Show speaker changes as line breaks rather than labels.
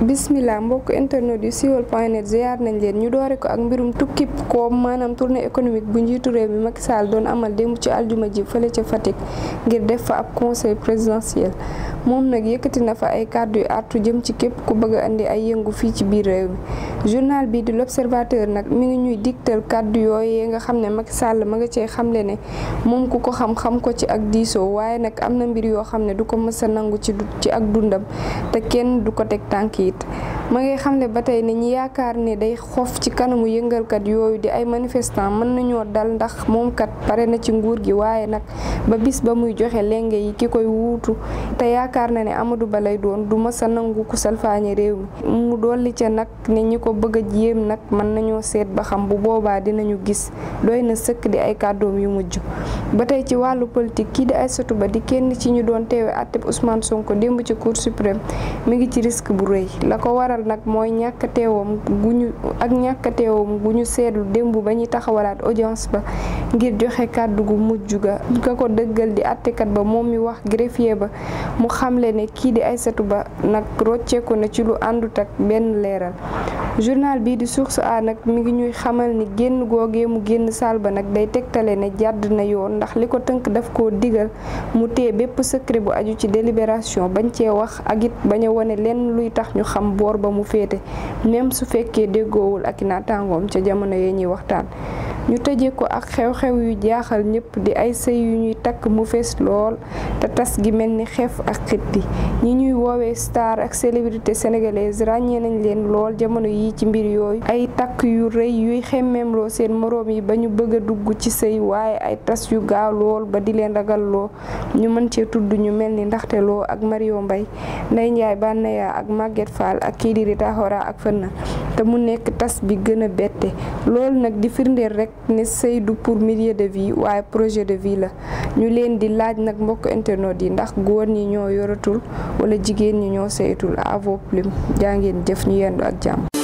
bismillah mbokk internet yu siiwal point net ziar nañ leen ñu doore ko ak mbirum tukki ko maanaam tournée économique bu njiitu réew mi Macky Sall doon amal démb ci aljuma ji fële ca Fatick ngir def fa ab conseil présidentiel moom nag yëkkati na fa ay kaddu yu artu jëm ci képp ku bëgg indi ay yëngu fii ci biir réew mi journal bi di l'observateur nag mi ngi ñuy digtal kàddu yooyee nga xam ne Macky Sall ma nga cee xamle ne moom ku ko xam ko ci ak diisoo waaye nag am na mbir yoo xam ne du ko mës a nangu ci ci ak dundam te kenn yi it ma ngi xam ne ba tey ne ñi yaakaar ne day xof ci kanamu yëngalkat yooyu di ay manifestant mën nañoo dal ndax moomkat kat pare na ci nguur gi waaye nag ba bis ba muy joxe lenge yi ki koy wuutu te yaakaar na ne Amadou Ba lay doon du mës nangu ku salfaañe réew mi mu dolli ca nag ne ñi ko bëgg a jéem nag mën nañoo seet ba xam bu boobaa dinañu gis doy na sëkk di ay kàddoom yu mujj ba tey ci wàllu politique kii di ay Aïssatou Ba di kenn ci ñu doon teewe àtteb Ousmane démb ci Cour suprême mi ngi ci risque bu rëy waral nag mooy ñàkk gu ñu ak ñàkk gu ñu seetlu démb ba ñuy taxawalaat audience ba ngir joxe kàddu gu mujj ga ka ko dëggal di àttekat ba moom mi wax greffier ba mu xamle ne kii di Aysatu Ba nag rocceeku na ci lu àndut ak benn leeral journal bii di Source A nag mu ngi ñuy xamal ni génn googee mu génn saal ba nag day tegtale ne jàdd na yoon ndax li ko tënk daf koo digal mu téye bépp secret bu aju ci délibération bañ cee wax ak bañ a wone lenn luy tax ñu xam boor mu féete même su fekkee déggowul ak naataangoom ca jamono yee ñuy waxtaan ñu tëjee ko ak xew-xew yu jaaxal ñëpp di ay sëy yu ñuy takk mu fees lool te tas gi mel ni xef ak xitti ñi ñuy woowee star ak célébrité sénégalaise ràññee nañ leen lool jamono yi ci mbir yooyu ay takk yu rëy yuy xemmeemloo seen moroom yi ba ñu bëgg a dugg ci sëy waaye ay tas yu gaaw lool ba di leen ragalloo ñu mën cee tudd ñu mel ni ndaxte loo ak Mario mbay Ndeye Ndiaye Banaya ak màgget fal ak kii di Rita Hora ak Fënna te mu nekk tas bi gën a bette loolu nag di firndeel rek ne sëy du pour milieu de vie waaye projet de vie la ñu leen di laaj nag mbokk internet yi ndax góor ñi ñoo yoratul wala jigéen ñi ñoo sëyatul à vos plumes jaa ngeen jëf ñu yendu ak jàmm